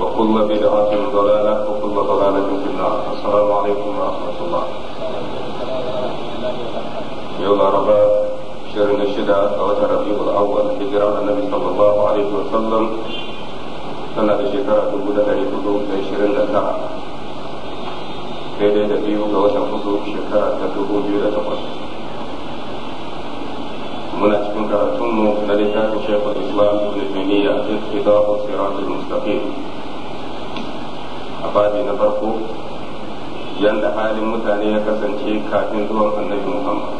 وكل بدعة ضلالة وكل ضلالة في النار السلام عليكم ورحمة الله يوم ربا شهر نشدة ثلاثة ربيع الأول هجرة النبي صلى الله عليه وسلم سنة شكرة تبودة لكتب في شرين لتاعه كيدي دبيه كوشا خطوك شكرة تبودة لتقص من أجل كرة تنمو لذلك الشيخ الإسلام ابن تيمية في كتاب الصراط المستقيم a babi na farko yadda halin mutane ya kasance kafin zuwan annabi Muhammad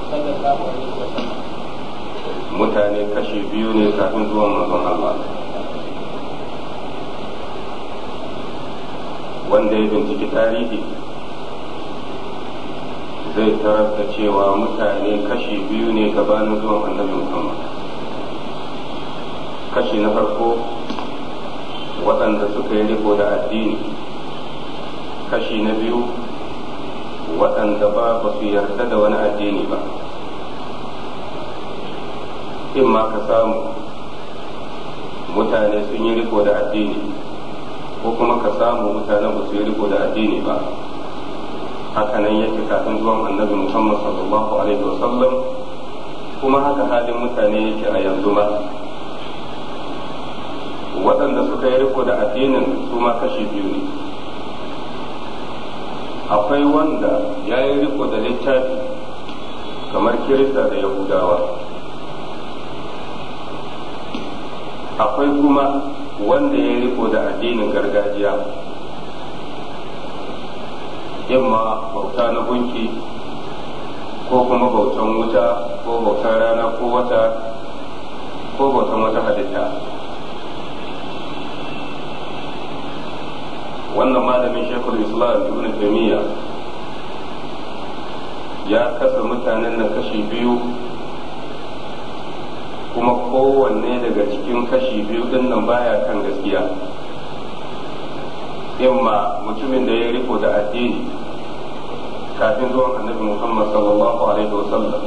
mutane kashi biyu ne kafin zuwan mazan Allah wanda ya binciki tarihi zai tarar da cewa mutane kashi biyu ne gabanin zuwan annabi Muhammad kashi na farko waɗanda suka yi riko da addini kashi na biyu waɗanda ba ba su yarda da wani addini ba in ma ka samu mutane sun yi riko da addini ko kuma ka samu mutane ba su yi riko da addini ba hakanan yake kafin zuwan annabi muhammad sallallahu alaihi wasallam kuma haka halin mutane yake a yanzu ma waɗanda suka yi riko da addinin su ma kashi biyu ne akwai wanda ya yi riko da littafi kamar kirista da yahudawa akwai kuma wanda ya yi riko da addinin gargajiya yamma bauta na gunki ko kuma bautan wuta ko bautan rana ko wata ko bautan wata halitta wannan malamin shekul islam ibn taymiya ya kasa mutanen na kashi biyu kuma kowanne daga cikin kashi biyu din nan baya kan gaskiya imma mutumin da ya riko da addini kafin zuwan annabi muhammad sallallahu alaihi wasallam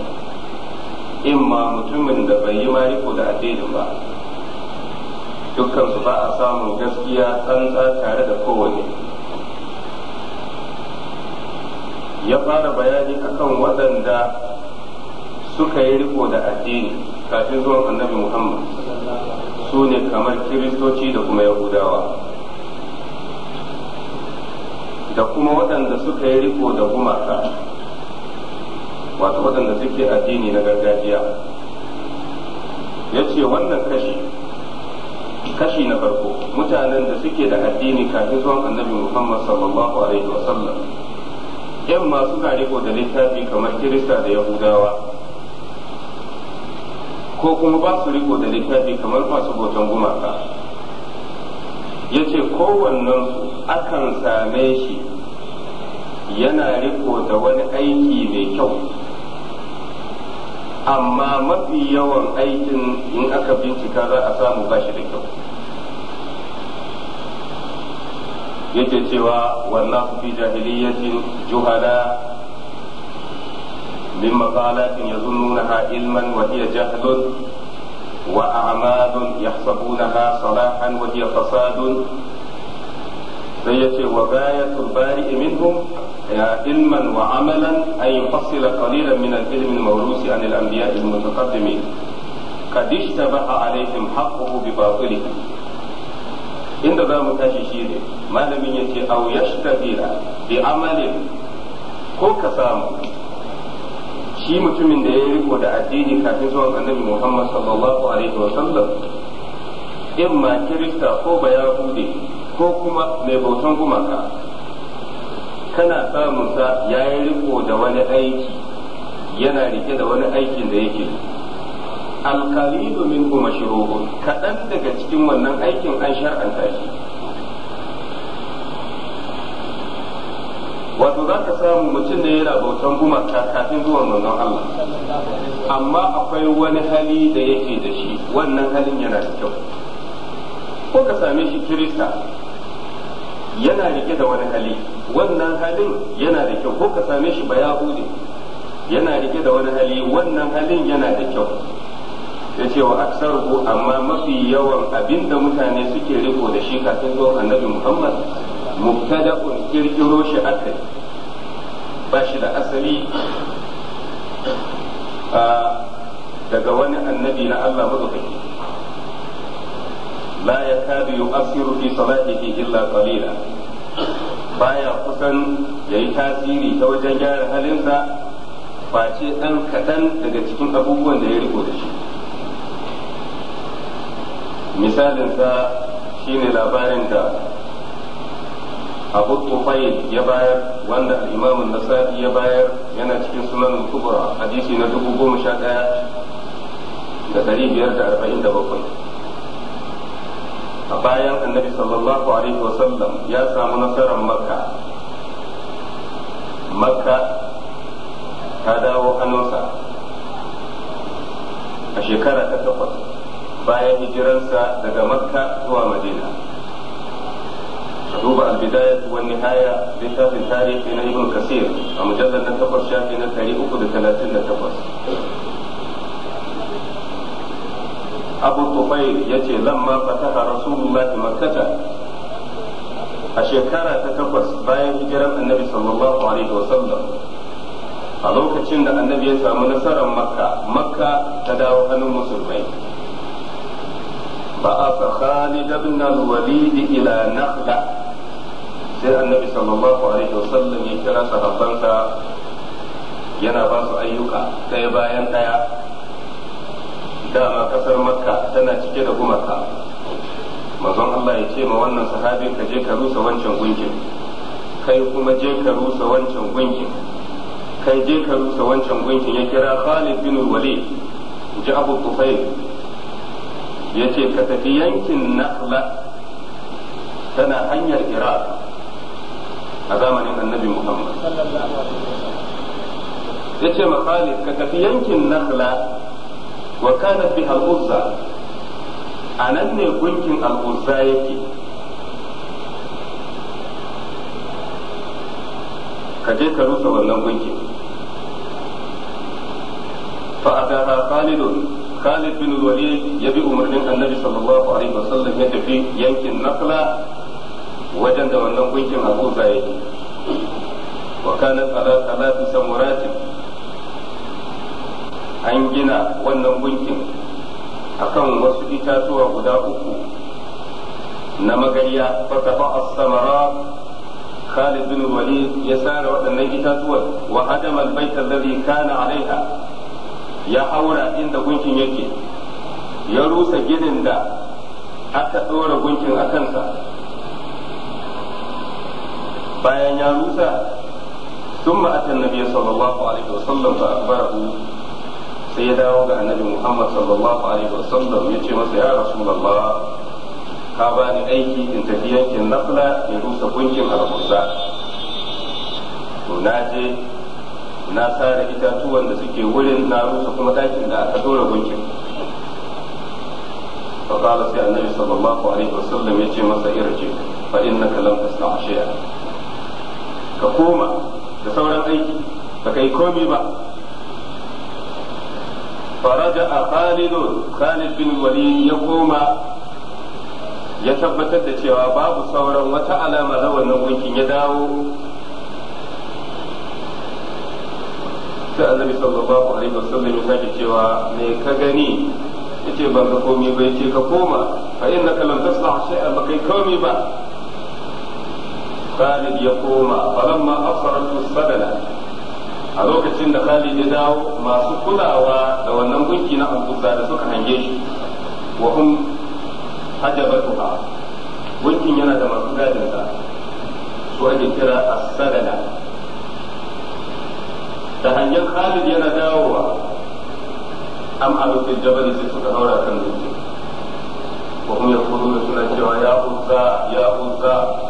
imma mutumin da bai yi ma riko da addinin ba dukkan su ba a samun gaskiya tsantsa tare da kowane ya fara bayani akan waɗanda suka yi riko da addini kafin zuwan annabi muhammad su ne kamar kiristoci da kuma yahudawa da kuma waɗanda suka yi riko da gumaka wato waɗanda suke addini na gargajiya ya ce wannan kashi kashi na farko mutanen da suke da addini kafin zuwan annabi muhammad sallallahu alaihi wasallam yan masu riko da littafi kamar kirista da yahudawa ko kuma ba su riko da littafi kamar masu bautan gumaka ya ce kowannensu akan same shi yana riko da wani aiki mai kyau amma mafi yawan aikin in aka bincika za a samu ba shi da kyau yake cewa wannan fi jahiliyatin juhada min maqalatin yazunnunaha ilman wa hiya jahlun wa a'malun yahsabunaha salahan wa hiya fasadun سي وباية البارئ منهم علما وعملا أن يفصل قليلا من العلم الموروث عن الأنبياء المتقدمين قد اشتبه عليهم حقه بباطله إن ذا متاجشين ما لم يتي أو يشتبه بعمل ko كسام samu shi mutumin ودع الدين riko da محمد صلى الله عليه وسلم إما alaihi wa sallam in ko kuma mai bautan gumaka kana samun sa yi riko da wani aiki yana rike da wani aikin da yake alkalidu min kuma shiruhun kaɗan daga cikin wannan aikin an shar'anta shi wato za ka samu mutum da yana bautan gumaka kafin zuwan wannan Allah amma akwai wani hali da yake da shi wannan halin yana da kyau ko ka same shi kirista yana rike da wani hali wannan halin yana da kyau ko ka same shi hude yana rike da wani hali wannan halin yana da kyau ya ce wa ku amma mafi yawan abin da mutane suke riko da shi kafin zuwan annabi muhammad mubtada'un kirkiro shi akai ba shi da asali daga wani annabi na allah madaukaki la yakadu yu'assiru fi salatihi illa qalila baya kusan yayi tasiri ta wajen gyara halinsa face ɗan kaɗan daga cikin abubuwan da ya riko da shi misalinsa shine labarin da abu tufayl ya bayar wanda imamun nasa'i ya bayar yana cikin sunan kubra hadisi na dubu goma sha ɗaya da ɗari biyar da arba'in da bakwai a bayan annabi sallallahu alaihi wasallam ya samu nasarar makka makka ta dawo hannunsa a shekara ta takwas bayan hijiransa daga makka zuwa madina duba al-bidaya wa nihaya littafin tarihi na ibn kasir a mujallar na takwas shafi na 338 abu tufai ya ce lamma fataha rasulullahi makkata a shekara ta takwas bayan hijirar annabi sallallahu alaihi wasallam a lokacin da annabi ya samu nasarar makka makka ta dawo hannun musulmai ba a fa khalid ibn al-walid ila nakhla sai annabi sallallahu alaihi wasallam ya kira sahabbansa yana ba su ayyuka ɗaya bayan ɗaya dama kasar makka tana cike da gumaka mazan Allah ya ce ma wannan sahabi ka je ka rusa wancan gungin kai kuma je ka rusa wancan gungin kai je ka rusa wancan gunkin ya kira Khalid bin Walid ji Abu Tufayl ya ce ka tafi yankin Nakhla tana hanyar Iraq a zamanin Annabi Muhammad ya ce ma Khalid ka tafi yankin Nakhla wa kana fi al-uzza anan ne gunkin al-uzza yake ka je ka rusa wannan gunkin fa adaha khalid khalid bin walid ya bi umarnin annabi sallallahu alaihi wasallam ya tafi yankin nakla wajen da wannan gunkin al-uzza yake wa kana ala salati samuratin an gina wannan gunkin a kan wasu itatuwa guda uku na magariya fata ba a samara Khalid bin Walid ya sare waɗannan itatuwar wa hadama albayt alladhi kana alaiha ya haura inda gunkin yake ya rusa ginin da aka ɗora gunkin a kansa bayan ya rusa ثم أتى النبي صلى الله عليه وسلم فأخبره sai ya dawo ga annabi Muhammad sallallahu alaihi wasallam ya ce masa ya rasulullah ka bani aiki in tafi yankin nafla in rusa gunkin al-Musa to na je na sare itatuwan da suke wurin na rusa kuma dakin da aka dora gunkin فقال سي النبي صلى الله عليه وسلم يجي مسا ارجع فإنك لم تصنع شيئا koma da sauran aiki ba yi komi ba فرجع خالد خالد بن الوليد يقوم ya tabbatar da cewa babu sauran wata alama na wannan gunkin ya dawo da annabi sallallahu alaihi wasallam ya sake cewa me ka gani yace ban ka komai ba yace ka koma fa innaka lam tasla shay'an ba kai komai ba Khalid ya koma falamma afsaratu sadala a lokacin da Khalid ya dawo masu kulawa da wannan gunki na Abuza da suka hange shi wa hum hajabatuha gunkin yana da masu gadin sa su ake kira as-sagada da hangen Khalid yana dawowa am alu fil jabal sai suka haura kan gunki wa hum yaquluna suna cewa ya Uzza ya Uzza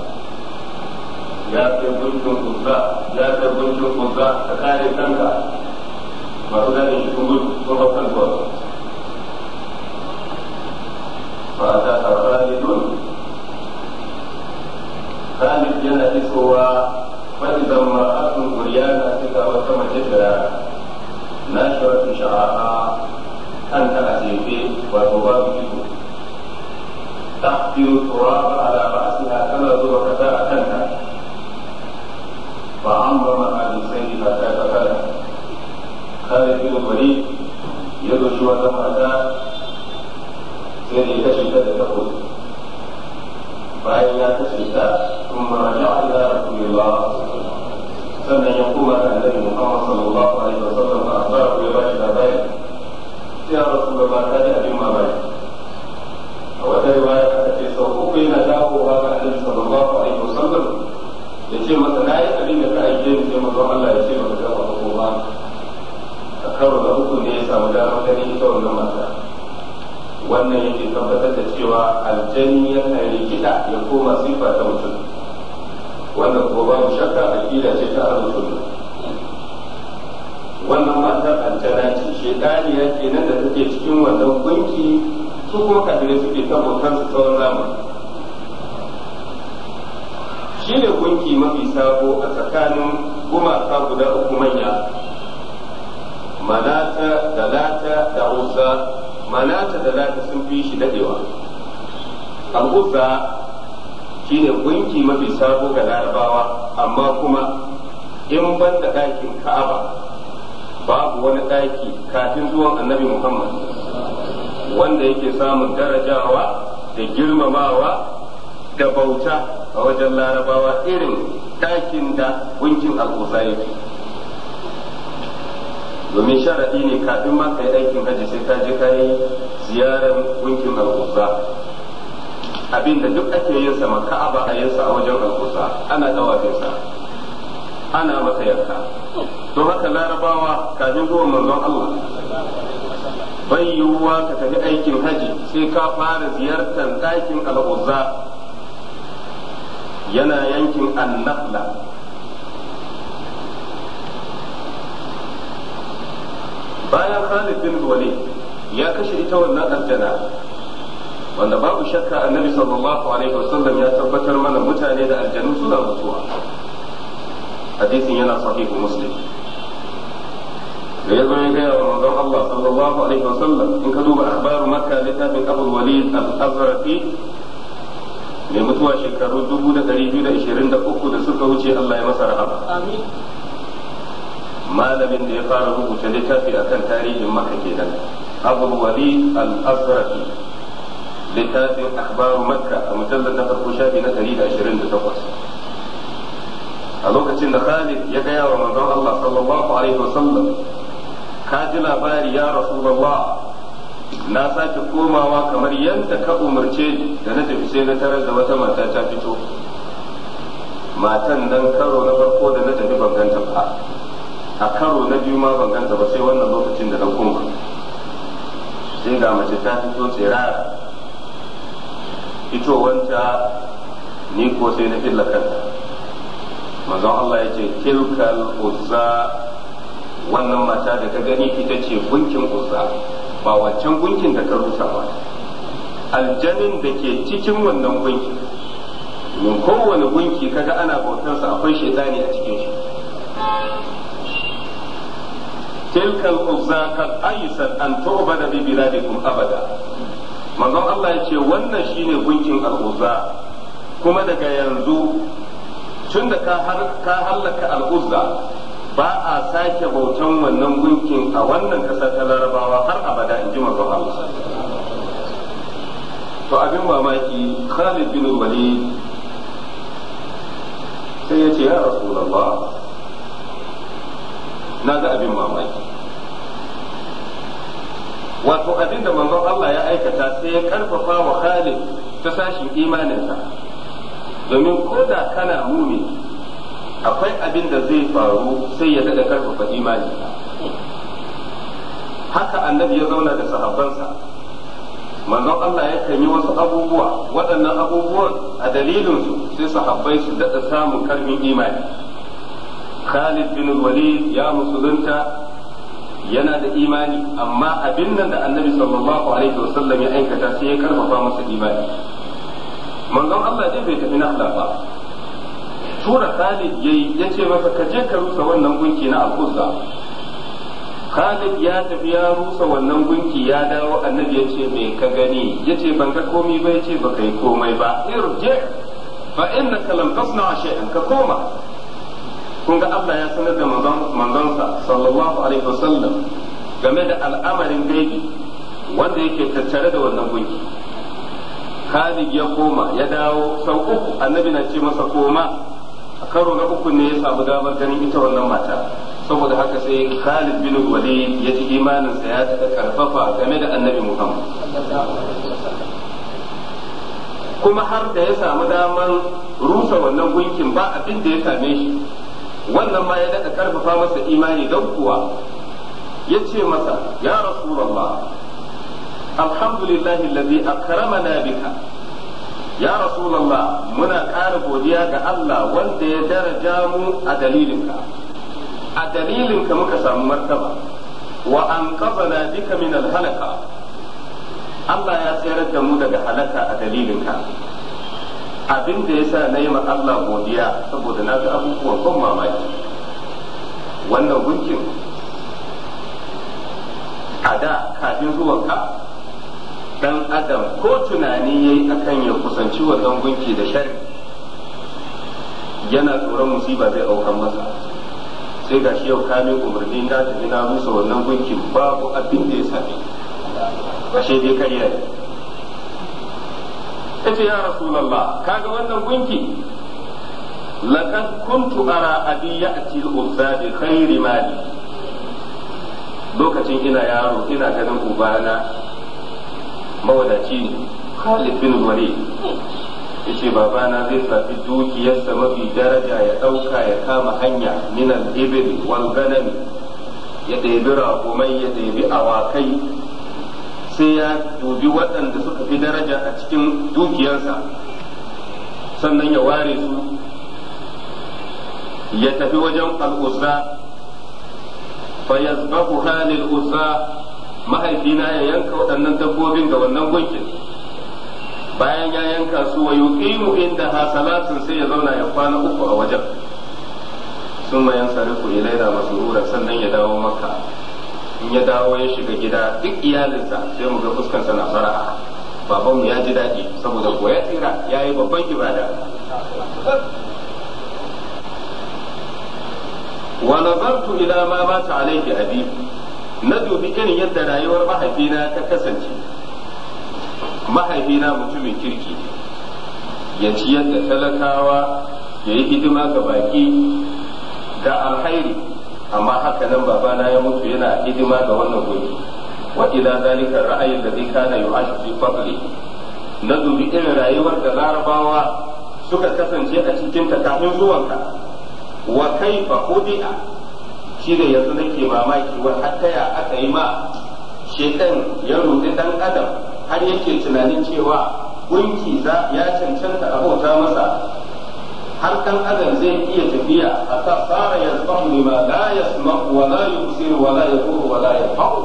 لا تظن الخبزاء لا تظن الخبزاء ka kare kanka masu gadin shi kuma kuma kan kawai ba ta kafara Khalid yana isowa fa'idan ma'atun guriyana suka wata mace da na shawarci sha'a'a kanta a jefe wato babu iko تحفر التراب على رأسها كما زرقتا كنتا فعمرنا عن الخير حتى تفلح خالد بن الوليد يدعو شوى له أداء سيدي تشهد هذا تقول فإن تشهد ثم رجع إلى رسول الله سمع يقوم النبي محمد صلى الله عليه وسلم فأخبره يباشر ذلك يا رسول الله تجد بما بين وتروى في صفوف نجاه هذا النبي صلى الله عليه وسلم ya ce masa na yi abin da ka aike ni sai mazan Allah ya ce maka ta ba ko ba a karo da uku ne ya samu damar gani ita wannan mata wannan yake tabbatar da cewa aljani kare rikida ya koma sifa ta mutum wannan ko mu shakka aqida ce ta ahlus sunna wannan matar aljana ce ke nan da take cikin wannan gunki su kuma kafirai suke tabbatar su tsawon zamani Shi ne gunki mafi sabo a tsakanin gumaka guda uku manya manata da lata da usa manata da lata sun fi shi dadewa shi ne gunki mafi sabo ga larabawa amma kuma in ban da ɗakin ka'aba babu wani ɗaki kafin zuwan annabi muhammad wanda yake samun darajawa da girmamawa da bauta a wajen larabawa irin ɗakin da gunkin al'usa yake domin sharaɗi ne kafin ma ka yi aikin hajji sai ka je ka yi ziyarar gunkin al'usa abinda duk ake yin sa ma ka'aba a yinsa a wajen al'usa ana dawafin sa ana masa yanka to haka larabawa kafin zuwa manzon Allah bai yiwuwa ka tafi aikin haji sai ka fara ziyartar ɗakin al'uzza yana yankin annabla bayan Khalid bin wali ya kashe ita wannan aljana wanda babu shakka annabi sallallahu alaihi wasallam ya tabbatar mana mutane da aljanu suna mutuwa hadisin yana sahihu muslim da ya zo ya gaya wa manzon Allah sallallahu alaihi wasallam in ka duba ahbaru makka littafin abul walid al-azraqi mai mutuwa shekaru dubu da biyu da da da uku suka wuce Allah ya masa rahama malamin da ya fara rubuta littafi akan tarihin maka kenan abul wali al-azraqi littafin akhbaru makka a mujallar na farko shafi na da da ashirin takwas. a lokacin da Khalid ya gaya wa manzon Allah sallallahu alaihi wasallam ka ji labari ya rasulullah na sake komawa kamar yadda ka umarce ni da na tafi sai na tarar da wata mata ta fito matan nan karo na farko da na tafi ban ganta ba a karo na biyu ma ban ba sai wannan lokacin da na koma sai ga mace ta fito tsirara wanta ni ko sai na filla kanta manzon Allah ya ce tilkal uzza wannan mata da ka gani ita ce gunkin uzza ba wancan gunkin da ka rusa ba aljanin da ke cikin wannan gunki domin kowane gunki kaga ana bautar sa akwai shaitani a cikin shi tilkal uzza kad aysat an da bi biladikum abada manzon Allah ya ce wannan shine gunkin al-uzza kuma daga yanzu tunda ka ka halaka al-uzza ba a sake bautan wannan gunkin a wannan ƙasa ta larabawa har abada in ji manzon Allah to abin mamaki Khalid bin Walid sai ya ce ya Rasulullah na ga abin mamaki wato abin da manzon Allah ya aikata sai ya karfafa wa Khalid ta sashin imaninsa domin ko da kana mumin akwai abin da zai faru sai ya daɗa karfafa imani haka annabi ya zauna da sahabbansa manzon Allah yakan yi wasu abubuwa waɗannan abubuwan a dalilinsu sai sahabbai su daɗa samun karfin imani Khalid bin Walid ya musulunta yana da imani amma abin nan da annabi sallallahu alaihi wasallam ya aikata sai ya karfafa masa imani manzon Allah dai bai tafi nahla ba tura Khalid yayi ya ce masa ka je ka rusa wannan gunki na Al-Qusa Khalid ya tafi ya rusa wannan gunki ya dawo annabi ya ce me ka gani ya ce ban ga komai ba ya ce ba kai komai ba irje fa innaka lam tasna shay'an ka koma kun ga Allah ya sanar da sa sallallahu alaihi wasallam game da al'amarin gaibi wanda yake tattare da wannan gunki Khalid ya koma ya dawo sau uku annabi na ce masa koma a karo na uku ne ya samu damar ganin ita wannan mata saboda haka sai Khalid bin Walid ya ji imaninsa ya daɗa karfafa game da annabi Muhammad kuma har da ya samu damar rusa wannan gunkin ba abin da ya same shi wannan ma ya daɗa karfafa masa imani don kuwa ya ce masa ya rasulallah alhamdulillahi allazi akramana bika ya rasulullah muna ƙara godiya ga Allah wanda ya daraja mu a dalilinka a dalilinka muka samu martaba wa an qabala bika min halaka Allah ya tsayar da mu daga halaka a dalilinka abin da yasa na yi Allah godiya saboda na ga abubuwan ban mamaki wannan gunkin a da kafin zuwanka dan adam ko tunani yayi akan ya kusanci wannan gunki da shari yana tsoron musiba zai aukan masa sai ga shi yau kamin umarni na tafi na musa wannan gunki babu abin da ya sami, ashe dai karya ne ta ce ya rasulallah kaga wannan gunki laqad kuntu ara abi ya'ti al-uzza da khairi mali lokacin ina yaro ina ganin ubana mawadaci Khalid bin Walid yace baba na zai tafi dukiyarsa mafi daraja ya dauka ya kama hanya min al-ibil wal ganam ya ɗebi raƙumai ya ɗebi awakai sai ya dubi waɗanda suka fi daraja a cikin dukiyarsa sannan ya ware su ya tafi wajen al'uzza fa yazbahu halil uzza mahaifina ya yanka waɗannan dabbobin ga wannan gunkin bayan ya yanka su wa yuqimu inda ha salatun sai ya zauna ya kwana uku a wajen sun ma yan laira ilaina rura sannan ya dawo maka in ya dawo ya shiga gida duk iyalinsa sai mu ga fuskansa na fara'a babanmu ya ji daɗi saboda ko ya tsira ya yi babban ibada wa nazartu ila ma mata a abi na dubi irin yadda rayuwar mahaifina ta kasance mahaifina mutumin kirki ya ci yadda talakawa ya yi hidima ga baki ga alhairi amma haka nan babana ya mutu yana hidima ga wannan gobe wa ila zalika ra'ayin da zai kana yu'ashu fi fadli na dubi irin rayuwar da larabawa suka kasance a cikin ta kafin zuwanka wa kaifa udi'a shi da yanzu nake mamaki wa hatta ya aka yi ma shekan ya rudi dan adam har yake tunanin cewa gunki za ya cancanta abota masa har dan adam zai iya tafiya a hatta sara yasbahu lima la yasma'u wa la yubsir wa la kuru wa la yafqahu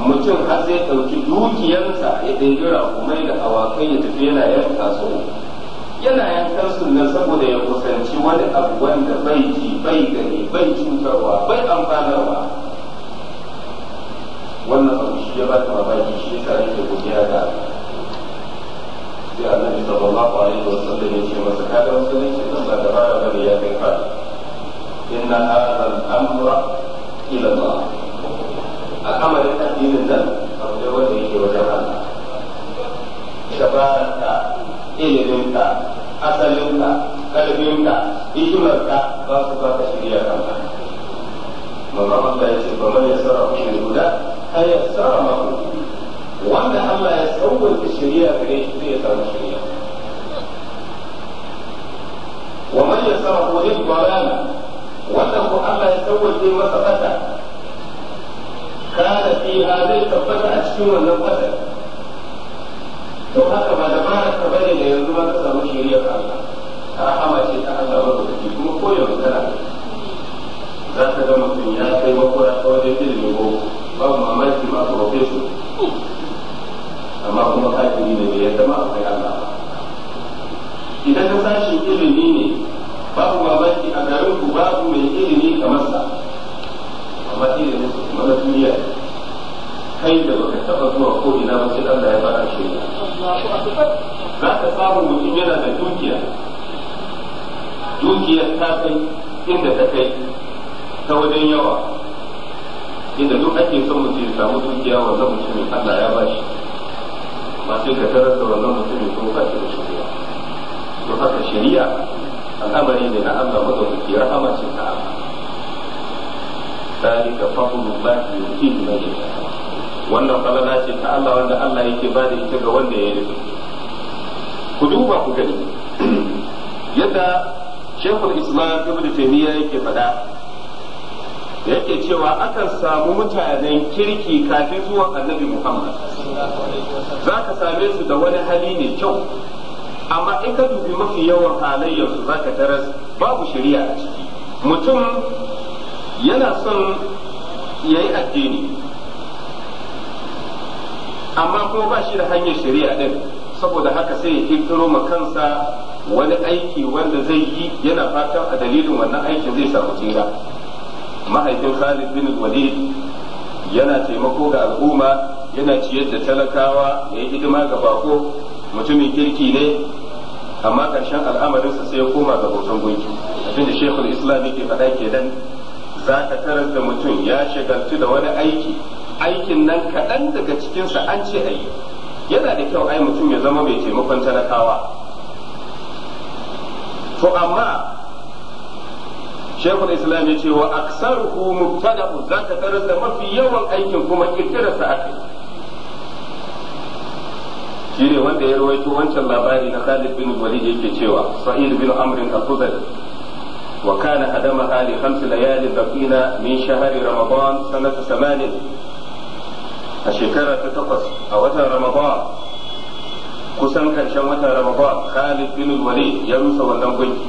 mutum har zai ɗauki dukiyarsa ya ɗaiɗi rakumai da awakai ya tafi yana yanka su yana yankan sunna saboda ya kusanci wani abu wanda bai ji bai gani bai cutarwa bai amfanarwa wannan abu shi ya ba ta mamaki shi yasa yake godiya ga sai annabi sallallahu alaihi da wasu ya ce masa kada musulunci zan ba da ba da ya kai fa inna hadha al-amra ila Allah al'amarin addinin nan abu ne wanda yake wajen Allah tabaraka iliminka asalinta, kalbinka hikimarka ba su ba ka shirya kanka mamma Allah ya ce ba ya sarrafa shi guda kai ya sarrafa wanda Allah ya tsawwata shirya gare shi zai samu shirya wa man ku ne bayan wannan ko Allah ya tsawwata masa fata kana fi hadhihi tabbata a cikin wannan fata to haka ba da fara. wai da yanzu ba ta samu shari'ar Allah rahama ce ta Allah ba ka kuma koyon yanzu kana za ta ga mutum ya kai makwara ta wajen ilimin ko babu mamaki ma ka wafe su amma kuma kafiri ne bai yadda ma akwai Allah idan ka sashi ilimi ne babu mamaki a garin ku babu mai ilimi kamar sa amma ilimi su kuma na duniya kai da baka taba zuwa ko ina ba sai Allah ya fara shi za ka samu mutum yana da dukiya dukiya ta kai inda ta kai ta wajen yawa inda duk ake son mutum ya samu dukiya wannan mutumin Allah ya ba shi ba sai ka tarar da wannan mutumin kuma ba shi da shari'a to haka shari'a al'amari ne na Allah dukiya rahama ce ta Allah ذلك فضل الله يؤتيه من يشاء wannan falala ce ta Allah wanda Allah yake ba da ita ga wanda ya nufi ku duba ku gani yadda shekul islam ibn taymiya yake faɗa yake cewa akan samu mutanen kirki kafin zuwa annabi muhammad za ka same su da wani hali ne kyau amma in ka dubi mafi yawan halayyarsu za ka taras babu shari'a a ciki mutum yana son ya yi addini amma kuma ba shi da hanyar shari'a ɗin saboda haka sai ya kirkiro ma kansa wani aiki wanda zai yi yana fatan a dalilin wannan aikin zai samu tsira mahaifin Khalid bin Walid yana taimako ga al'umma yana ciyar da talakawa ya yi hidima ga bako mutumin kirki ne amma ƙarshen al'amarinsa sai ya koma ga bautan gunki abin da shekul islam yake faɗa kenan za ka tarar da mutum ya shagaltu da wani aiki aikin nan kaɗan daga cikinsa an ce a yi yana da kyau ai mutum ya zama mai taimakon talakawa to amma shekul islam ya ce wa aksaruhu ku zaka tarar da mafi yawan aikin kuma da sa aka shine wanda ya rawaito wancan labari na Khalid bin Walid yake cewa Sa'id bin Amrin al-Khuzali wa kana adama ali khams layali baqina min shahri ramadan sanata 80 a shekara ta takwas a watan ramadan kusan karshen watan ramadan khalid bin walid ya rusa wannan gunki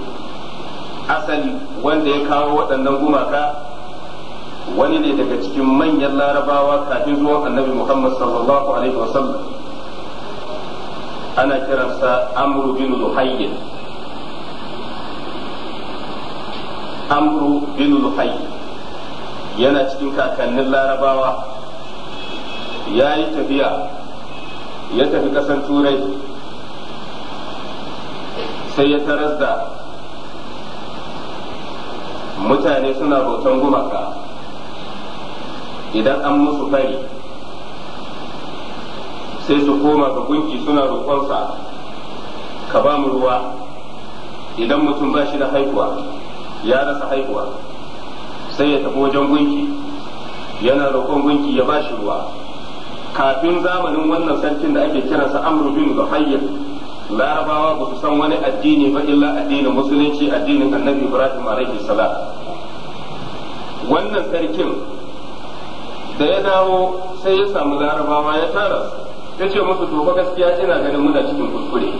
asali wanda ya kawo waɗannan gumaka wani ne daga cikin manyan larabawa kafin zuwa annabi muhammad sallallahu alaihi wasallam ana kiransa amru bin luhayyin amru bin yana cikin kakannin larabawa ya yi tafiya ya tafi kasan turai sai ya taras da mutane suna roton gumaka idan an musu fari sai su koma ga gunki suna roƙonsa ka ba mu ruwa idan mutum ba shi da haihuwa ya rasa haihuwa sai ya tafi wajen gunki yana roƙon gunki ya ba shi ruwa kafin zamanin wannan sarkin da ake kiransa amru bin zuhayr larabawa ba su san wani addini ba illa addinin musulunci addinin annabi ibrahim alaihi salam wannan sarkin da ya dawo sai ya samu larabawa ya tara ya ce musu to fa gaskiya ina ganin muna cikin kuskure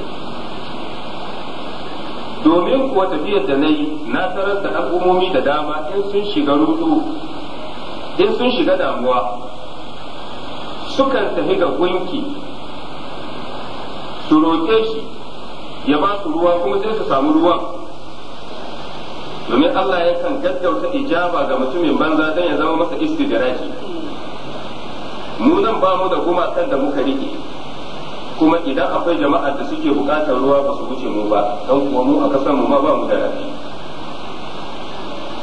domin kuwa tafiyar da na yi na tarar da al'ummomi da dama in sun shiga rudu in sun shiga damuwa sukan tafi ga gunki su roƙe shi ya ba su ruwa kuma sai su samu ruwa domin Allah ya kan gaggauta ijaba ga mutumin banza don ya zama masa istidraji mu zan ba mu da gumakan da muka rike kuma idan akwai jama'a da suke bukatar ruwa ba su wuce mu ba don kuwa mu a kasan mu ma ba mu da rafi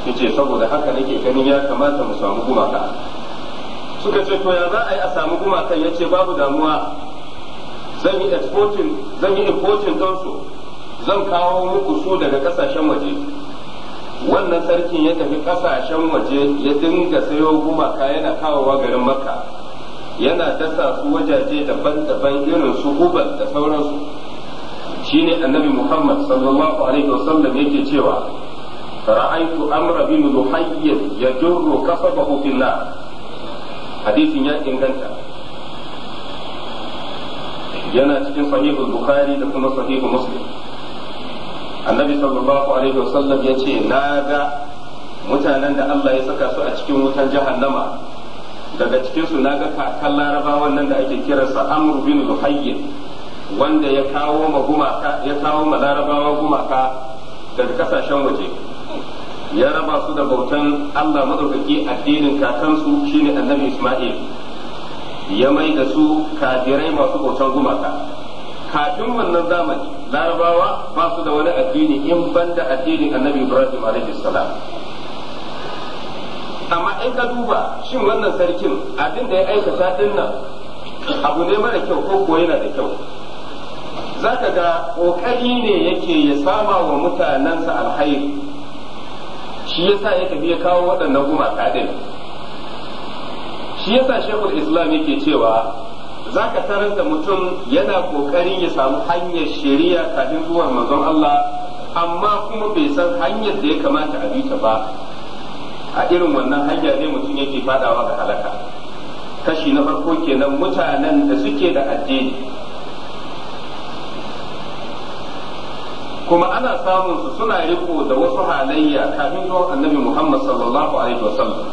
yace saboda haka nake ganin ya kamata mu samu gumaka suka ce to ya za a yi a samu gumakan ya ce babu damuwa zan yi exporting zan yi importing su zan kawo muku su daga ƙasashen waje wannan sarkin ya tafi kasashen waje ya dinga sayo gumaka yana kawowa garin makka yana dasa su wajaje daban-daban irin su hubal da sauransu ne annabi muhammad sallallahu alaihi wasallam yake cewa ra'aitu amra bin luhayyin yajurru kasabahu fil nar hadisin ya inganta yana cikin sahihu bukhari da kuma sahihu muslim annabi sallallahu alaihi wasallam ya ce na ga mutanen da Allah ya saka su a cikin wutan jahannama daga cikinsu na ga kakan larabawan nan da ake kiransa amru bin luhayyin wanda ya kawo ma gumaka ya kawo ma larabawa gumaka daga kasashen waje ya raba su da bautan Allah madaukaki addinin kakansu shine annabi Isma'il ya mai da su kafirai masu bautan gumaka kafin wannan zamani larabawa ba su da wani addini in banda addinin annabi Ibrahim alaihi salam amma in ka duba shin wannan sarkin abin da ya aikata din nan abu ne mara kyau ko ko yana da kyau zaka ga ƙoƙari ne yake ya sama wa mutanensa alhairi shi yasa ya tafi ya kawo waɗannan gumaka ɗin shi ya sa shekul islam yake cewa za ka tarar da mutum yana ƙoƙarin ya samu hanyar shari'a kafin zuwa manzon Allah amma kuma bai san hanyar da ya kamata a bi ta ba a irin wannan hanya ne mutum yake fadawa ga halaka kashi na farko kenan mutanen da suke da addini kuma ana samun su suna riko da wasu halayya kafin zuwa annabi Muhammad sallallahu alaihi wasallam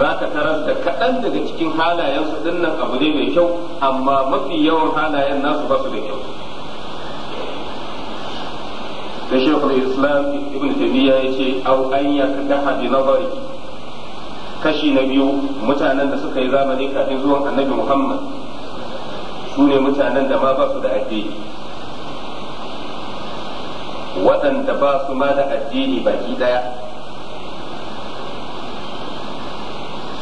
za ka tarar da kaɗan daga cikin halayensu ɗin nan abu ne mai kyau amma mafi yawan halayen nasu ba su da kyau da shekul islam ibn tabiya ya ce au an ya kaɗa bi nazari kashi na biyu mutanen da suka yi zamani kafin zuwan annabi muhammad su ne mutanen da ma ba su da addini waɗanda ba su ma da addini baki ɗaya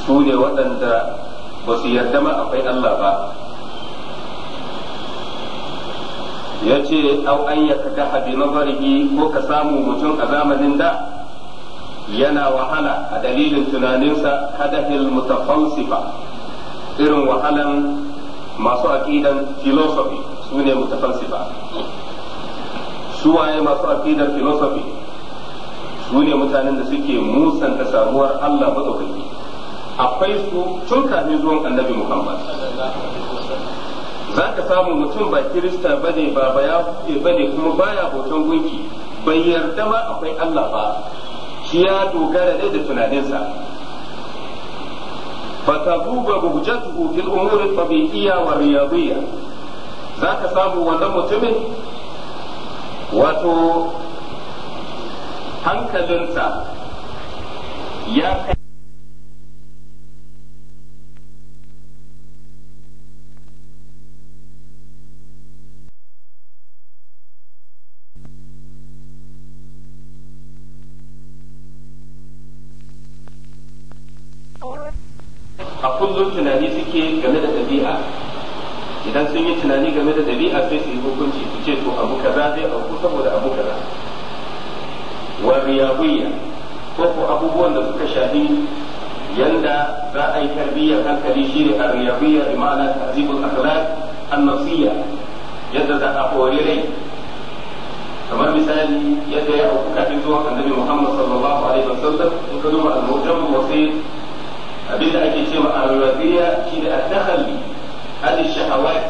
su ne waɗanda ba su yarda ma akwai Allah ba ya ce au an ya kaka haɗe nazarihi ko ka samu mutum a zamanin da yana wahala a dalilin tunaninsa kadahil mutafansifa irin wahalan masu aƙidan filosofi su ne mutafansifa su waye masu aqidar philosophy su ne mutanen da suke musanta samuwar Allah madaukaki akwai su tun kafin zuwan annabi Muhammad za ka samu mutum ba kirista ba ne ba ba ne kuma baya hoton gunki bai yarda ma akwai Allah ba shi ya dogara ne da tunaninsa fatabuba hujjatuhu fil umuri tabi'iyya wa riyadiyya za ka samu wannan mutumin wato hankalinsa ya kai a kullum tunani suke game da ɗabi'a idan sun yi tunani game da dabi'a sai su yi hukunci su ce to abu kaza zai auku saboda abu kaza wa riyabiyya ko ko abubuwan da suka shafi yanda za a yi tarbiyyar hankali shine a riyabiyya bi ma'ana tahzibul akhlaq an-nafsiyya yadda za a hori rai kamar misali yadda ya auku kafin zuwa annabi Muhammad sallallahu alaihi wasallam in ka duba al-mu'jam wa abinda ake cewa ar-riyabiyya shine at-takhalli hadi shahawat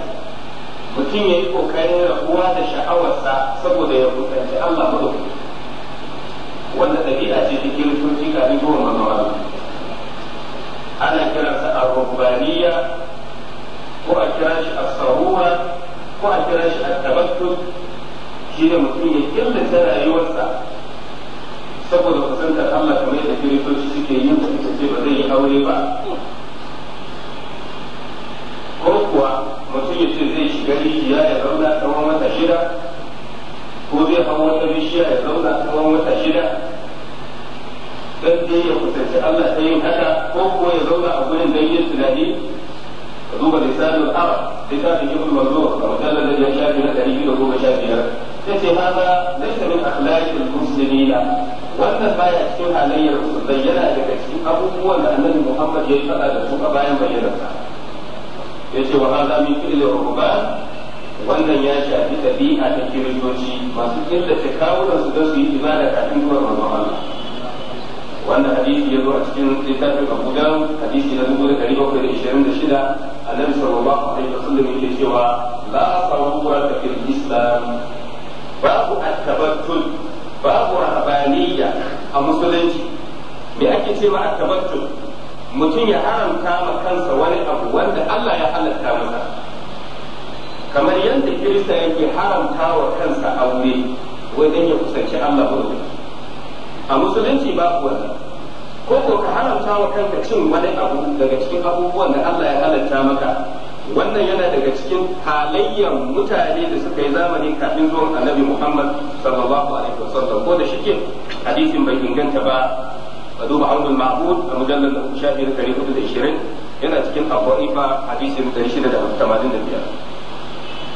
mutum ya yi kokarin rabuwa da sha'awarsa saboda ya kusanci Allah ba wanda ɗabi'a ce ta kiristoci kafin goma manzon Allah ana kiransa a rubaniya ko a kira shi a sarura ko a kira shi a tabattul shi da mutum ya killace rayuwarsa saboda kusantar Allah kamar yadda kiristoci suke yin da ce ba zai yi aure ba kuwa mutum ya ce zai shiga rijiya ya zauna tsawon wata shida ko zai hau wata bishiya ya zauna tsawon wata shida dan dai ya kusanci Allah ta yin haka ko kuwa ya zauna a gurin dan yin tunani ka duba lisanul arab littafin ibn mazur a mujallar da ya shafi na ɗari biyu da goma sha biyar sai ce haza laysa min akhlaqil muslimina wannan baya cikin halayyar musulmai yana daga cikin abubuwan da annabi Muhammad ya faɗa da su a bayan bayyanarsa yace wa hada min kulli ruban wannan ya shafi ɗabi'a ta kiristoci masu killace kawunan su da su yi ibada kafin zuwa manzon Allah wanda hadisi ya zo a cikin littafin Abu Dawud hadisi na dubu da ɗari bakwai da ishirin da shida annabi sallallahu alaihi wasallam yake cewa la sarura ta fil islam babu at-tabattul babu rahabaniyya a musulunci me ake cewa at-tabattul mutum ya haramta ma kansa wani abu wanda Allah ya halatta masa kamar yadda kirista yake haramta wa kansa aure wajen ya kusanci Allah hudu a musulunci ba wannan ko ko ka haramta wa kanka cin wani abu daga cikin abubuwan da Allah ya halatta maka wannan yana daga cikin halayyar mutane da suka yi zamani kafin zuwan annabi Muhammad sallallahu alaihi wasallam ko da shi ke hadisin bai inganta ba ka duba abdul ma'bud a mujallar da shafi na ɗari hudu da ishirin yana cikin abuwa hadisi na ɗari da tamanin da biyar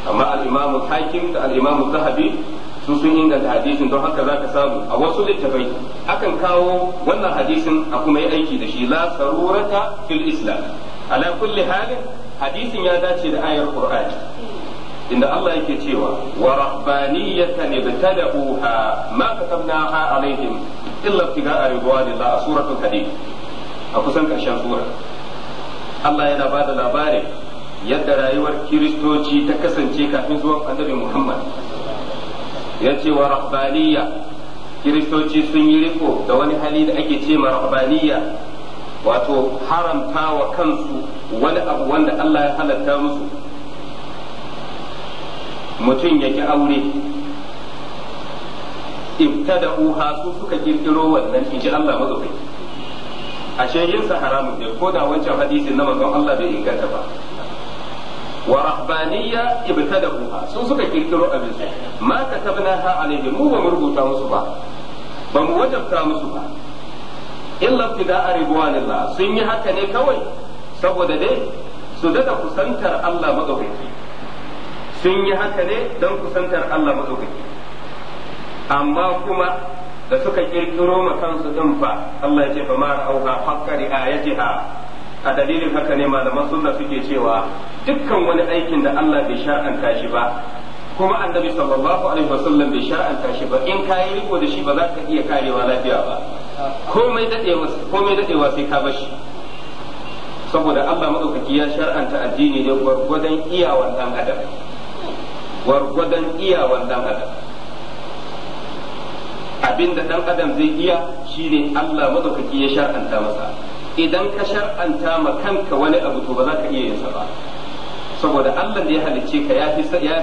amma al'imamu hakim da al'imamu zahabi su sun inganta hadisin don haka za samu a wasu littafai akan kawo wannan hadisin a kuma yi aiki da shi la sarurata fil islam ala kulli halin hadisin ya dace da ayar qur'ani inda Allah yake cewa da rahbaniyatan ibtada'uha ma katabnaha alaihim illa ibtiga'a ridwanillah a suratul hadid a kusan karshen sura Allah yana bada labarin yadda rayuwar kiristoci ta kasance kafin zuwan annabi Muhammad ya ce wa rahbaniya kiristoci sun yi riko da wani hali da ake ce ma rahbaniya wato haramta wa kansu wani abu wanda Allah ya halatta musu mutum yake aure ibtada'uha su suka kirkiro wannan in inji Allah mazaukaki ashe yin sa haramun ne ko da wancan hadisin na manzon Allah bai inganta ba wa rahbaniyya ibtada'uha su suka kirkiro abin su ma katabnaha alaihim mu ba mu rubuta musu ba ba mu wajabta musu ba illa fida'a ridwanillah sun yi haka ne kawai saboda dai su daga kusantar Allah mazaukaki sun yi haka ne don kusantar Allah mazaukaki amma kuma da suka kirkiro ma kansu din fa Allah ya ce fa ma auha haqqa riayatiha a dalilin haka ne malaman sunna suke cewa dukkan wani aikin da Allah bai shar'anta shi ba kuma annabi sallallahu alaihi wasallam bai shar'anta shi ba in kayi riko da shi ba za ka iya karewa lafiya ba komai dadewa komai dadewa sai ka bashi saboda Allah madaukaki ya shar'anta addini ne gwargwadon iyawan dan adam gwargwadon iyawan dan adam abinda dan adam zai iya shine Allah madaukaki ya shar'anta masa idan ka shar'anta ma kanka wani abu to ba za ka iya yin sa ba saboda Allah da ya halicce ka ya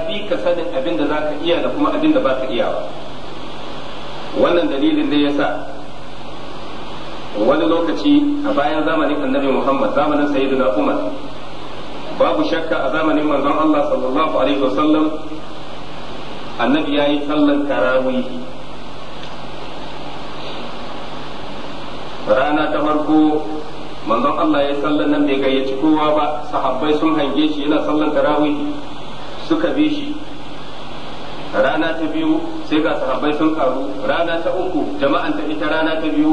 fi ka sanin abin da za ka iya da kuma abin da ba ka iya ba wannan dalilin ne ya sa wani lokaci a bayan zamanin annabi Muhammad zamanin sayyidina Umar babu shakka a zamanin manzon Allah sallallahu alaihi wasallam annabi yayi sallan tarawih rana ta farko manzon Allah ya sallan nan bai gayyaci kowa ba sahabbai sun hange shi yana sallan tarawih suka bi shi rana ta biyu sai ga sahabbai sun karu rana ta uku jama'an ta ita rana ta biyu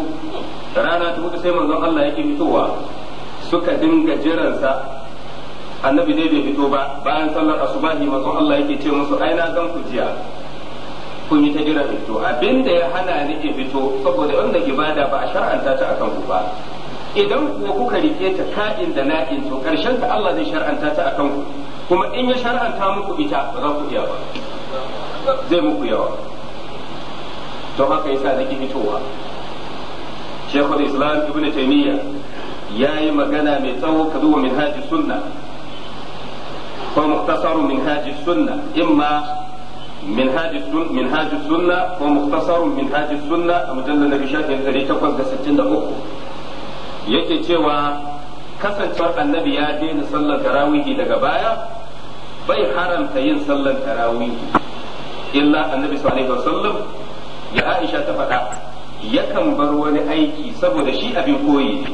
rana ta hudu sai manzon Allah yake fitowa suka dinga jiransa annabi dai bai fito ba bayan sallar asubahi manzon Allah yake ce musu ai na ku jiya kun yi ta jira in fito abinda ya hana ni in fito saboda wanda ibada ba a shar'anta ta akan ku ba idan kuwa kuka rike ta ka'in da na'in to karshen ta Allah zai shar'anta ta akan ku kuma in ya shar'anta muku ita ba za ku iya ba zai muku yawa don haka yasa nake fitowa Sheikhul Islam Ibn Taymiyyah ya magana mai tsawo ka zuwa min sunna ko muktasaru min sunna imma منهاج السنة منهاج السنة ومختصر منهاج السنة مجلد النبي شافعي yake cewa kasancewar annabi ya daina sallar tarawihi daga baya bai haramta yin sallar tarawihi illa annabi sallallahu alaihi wasallam ya Aisha ta faɗa yakan bar wani aiki saboda shi abin koyi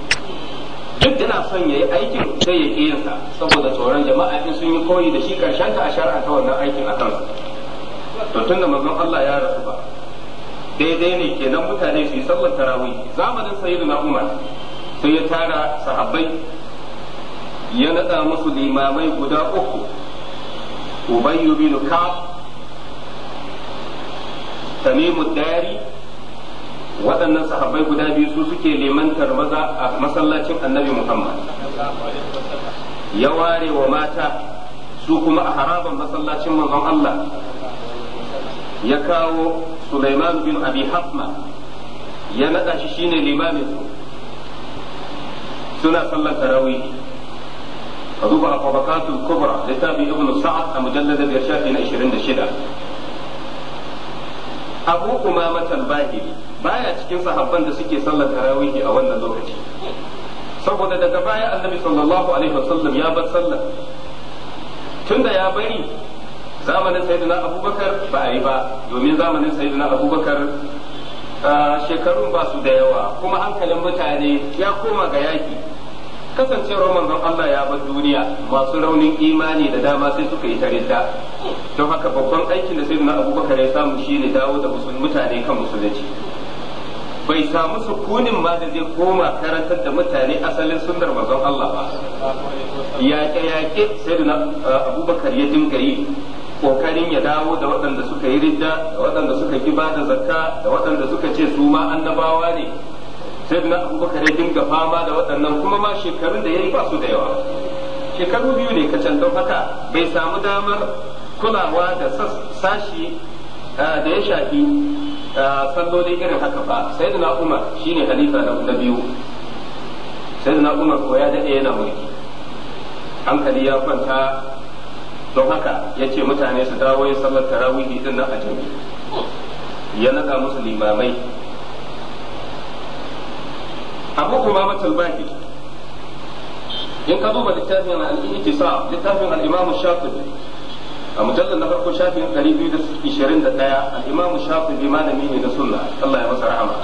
duk yana son ya yi aikin sai ya ƙiyarsa saboda tsoron jama'a in sun yi koyi da shi karshen ta a shar'anta wannan aikin a to tun da manzon Allah ya rasu ba daidai ne kenan mutane su yi sallar tarawih zamanin sayyidina Umar sai ya tara sahabbai ya nada musu limamai guda uku Ubayy bin Ka'ab Tamim dari waɗannan sahabbai guda biyu su suke limantar maza a masallacin Annabi Muhammad ya ware wa mata su kuma a harabar masallacin manzon Allah ya kawo Sulaiman bin Abi Hafma ya naɗa shi shine limamin su suna sallar tarawih ka duba a fabakatul kubra littafi ibnu sa'ad a mujallar biyar shafi na 26 abu kuma matan bahiri baya cikin sahabban da suke sallar tarawih a wannan lokaci saboda daga baya annabi sallallahu alaihi wasallam ya bar sallar tunda ya bari zamanin sayyidina abubakar ba a yi ba domin zamanin sayyidina abubakar shekarun ba su da yawa kuma hankalin mutane ya koma ga yaki kasancewar manzon Allah ya bar duniya masu raunin imani da dama sai suka yi tarinta don haka babban aikin da sayyidina abubakar ya samu shine dawo da mutane kan musulunci bai samu sukunin ma da zai koma karantar da mutane asalin sunnar manzon Allah ba yaƙe-yaƙe Sayyidina abubakar ya dinga yi kokarin ya dawo da waɗanda suka yi ridda da waɗanda suka ki da zakka da waɗanda suka ce su ma annabawa ne sai na abubakar ya dinga fama da waɗannan kuma ma shekarun da ya yi ba su da yawa shekaru biyu ne kacan don haka bai samu damar kulawa da sashi ah, da ya shafi ah, sallolin irin haka ba sai da umar ne halifa na biyu sai da umar ko ya daɗe yana mulki hankali ya kwanta don haka ya ce mutane su dawo ya sallar tarawihi din nan a jami ya naɗa musu limamai abu kuma matalbahi in ka duba littafin al-ihtisa littafin al-imam shafi'i a mujallar na farko shafin 221 al-imam shafi'i malami ne na sunna Allah ya masa rahama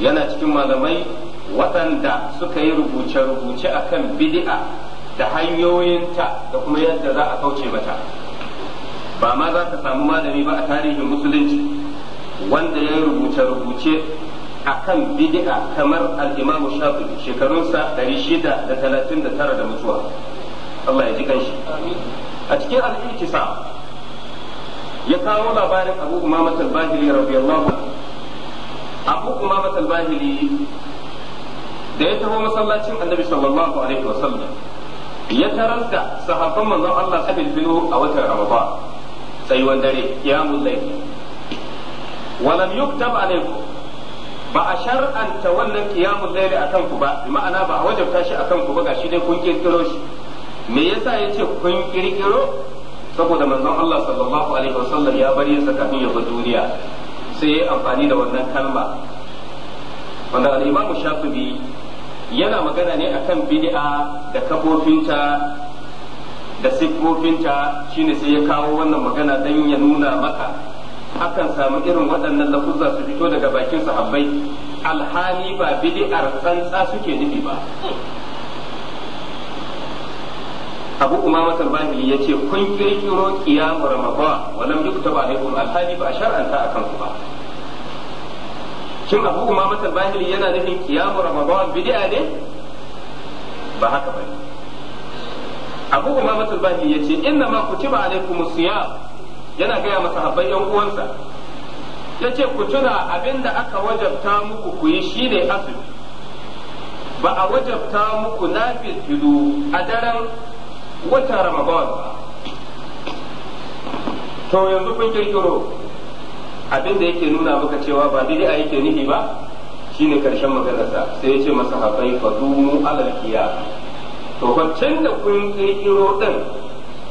yana cikin malamai waɗanda suka yi rubuce-rubuce akan bid'a da hanyoyinta da kuma yadda za a kauce mata ba ma za ta samu malami ba a tarihin musulunci wanda ya rubuce rubuce kan bid'a kamar al-Imam Shafi'i shekarunsa 639 da mutuwa Allah ya ji kanshi a cikin al-Iktisa ya kawo labarin Abu Umama al-Bahili radiyallahu Abu Umama al-Bahili da ya taho masallacin Annabi sallallahu alaihi wasallam ya tarar da sahabban manzon Allah sabin biyu a watan Ramadan tsayuwan dare ya mulai walam yuktab alaikum ba a shar'anta wannan qiyamul layl akan ku ba ma'ana ba a wajabta shi akan ku ba gashi dai kun kirkiro shi me yasa yace kun kirkiro saboda manzon Allah sallallahu alaihi wasallam ya bari ya saka ya duniya sai ya amfani da wannan kalma wanda al-Imam Shafi'i yana magana ne akan bidi'a da kafofinta da siffofinta shine sai ya kawo wannan magana don ya nuna maka akan samu irin waɗannan lafuzza su fito daga bakin sahabbai alhali ba bid'ar tsantsa suke nufi ba abu umama tarbahili ya ce kun kirkiro kiyamu ramadan walam yuktaba alaikum alhali ba shar'anta a ku ba shin abu kuma masal bahili yana nufin kiyamu ramadan bid'a ne ba haka ba abu kuma masal bahili yace inna ma kutiba alaikum siyam yana gaya masa habban yan uwansa yace ku tuna abinda aka wajabta muku ku yi shi ne azumi ba a wajabta muku nafil filu a daren watan ramadan to yanzu kun kirkiro abin da yake nuna maka cewa ba a yake nihi ba shine karshen maganarsa sai ya ce masahabai fa dumu alalkiya to wancan da kun kirkiro din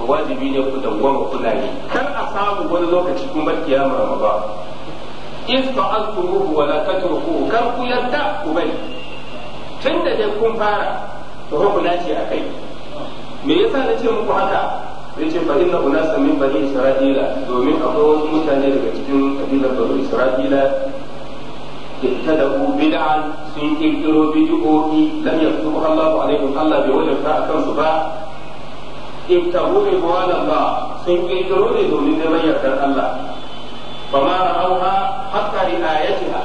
wajibi ne ku dawwama kuna ne kar a samu wani lokaci kun bar kiyama ba in fa'altumuhu wa la tatrukuhu kar ku yadda ku bari tunda dai kun fara to ku nace akai me yasa nace muku haka sai ce fa inna unasa min bani isra'ila domin akwai wasu mutane daga cikin kabilar bani isra'ila ibtada'u bid'an sun kirkiro bid'o'i lam yaktubu Allahu alaihim Allah bai wajabta akan su ba in ibtahu ridwan ba sun kirkiro ne domin neman yardar Allah fama ra'auha hatta ri'ayatiha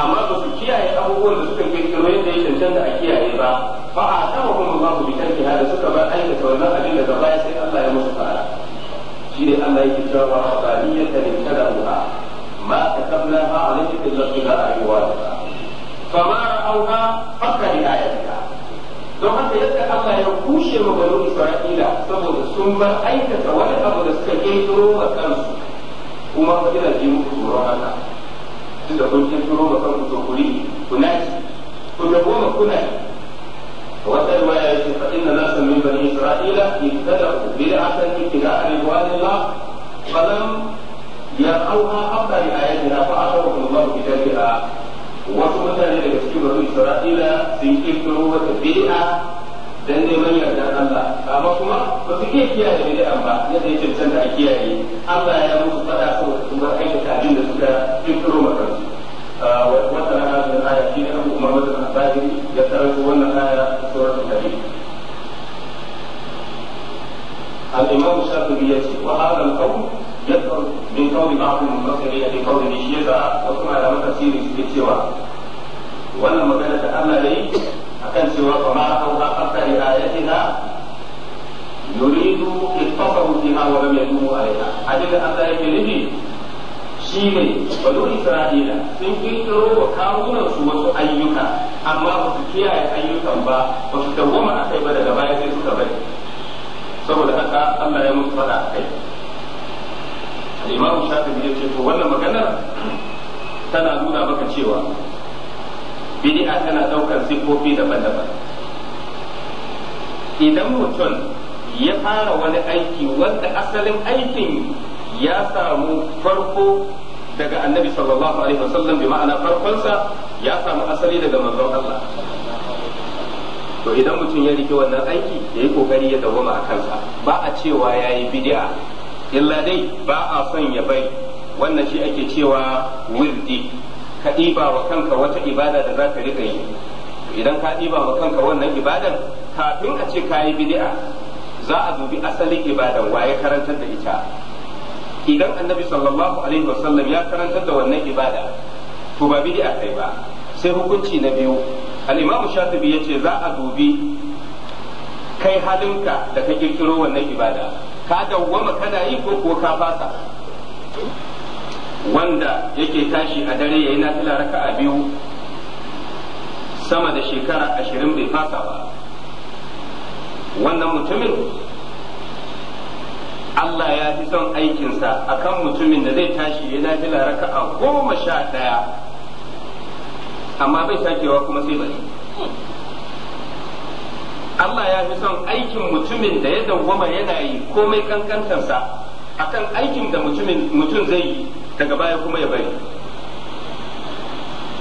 amma ba su kiyaye abubuwan da suka kirkiro yadda ya cancanta a kiyaye ba fa a sama kuma Allah bi tarkiha da suka bar aikata wannan abin da gaba ya sai Allah shine Allah yake cewa wa rabbaniyata lin talabuha ma katabnaha alayka illa bila ayyuha fama ra'awha fakka li ayatika don haka yadda Allah ya kushe wa bani Isra'ila saboda sun bar aikata wani abu da suka kirkiro wa kansu kuma kina ji muku tsoron haka tunda kun kirkiro wa kanku to ku kuna ci ku dabo kuna وفي رواية فإن ناسا من بني إسرائيل ابتدعوا بدعة ابتداء رضوان الله فلم يرعوها قبل رعايتها فأخبرهم الله بذلك wasu mutane daga cikin bani Isra'ila sun kirkiro wata bid'a dan neman yardar Allah amma kuma ba su iya kiyaye bid'an ba yadda ya cancanta a kiyaye Allah ya musu fada saboda sun bar aikata abin da suka kirkiro ma kansu wata rana ما يأتيه أبو أمامة الآية سورة الحديث الإمام الشافعي وهذا القول يذكر من قول بعض المفسرين في قول الشيعة وكما على تفسير سوى وأن مجالة أملي أكن سوى فمعه حتى لآيتها يريد اتصلوا بها ولم يتوبوا عليها. أجل أن لا يجري shi ne banu isra'ila sun kirkiro wa kawunan su wasu ayyuka amma ba su kiyaye ayyukan ba ba su dawwama a kai ba daga baya sai suka bari saboda haka Allah ya musu fada kai al-imam shafi ya ce to wannan maganar tana nuna maka cewa bid'a tana daukar sifofi daban-daban idan mutum ya fara wani aiki wanda asalin aikin ya samu farko daga annabi sallallahu alaihi wasallam bi ma'ana farkonsa ya samu asali daga manzon Allah to idan mutum ya rike wannan aiki ya yi kokari ya dawoma a kansa ba a cewa ya yi bid'a illa dai ba a son ya bai wannan shi ake cewa wirdi ka ɗiba wa kanka wata ibada da za ka riƙa yi idan ka ɗiba wa kanka wannan ibadan kafin a ce ka yi bid'a za a dubi asalin ibadan waye karantar da ita idan annabi sallallahu alaihi wasallam ya karantar da wannan ibada to ba bid'a kai ba sai hukunci na biyu al-imamu ya yace za a dubi kai halinka da ka kirkiro wannan ibada ka dawwama kana yi ko ko ka fasa wanda yake tashi a dare yayi nafila raka'a biyu sama da shekara ashirin bai fasa ba wannan mutumin Allah ya fi son aikinsa kan mutumin da zai tashi ya nafi laraka a goma sha ɗaya amma bai sakewa kuma sai bari Allah ya fi son aikin mutumin da ya dawwama yana yi komai kankantarsa kan aikin da mutum zai yi daga baya kuma ya bari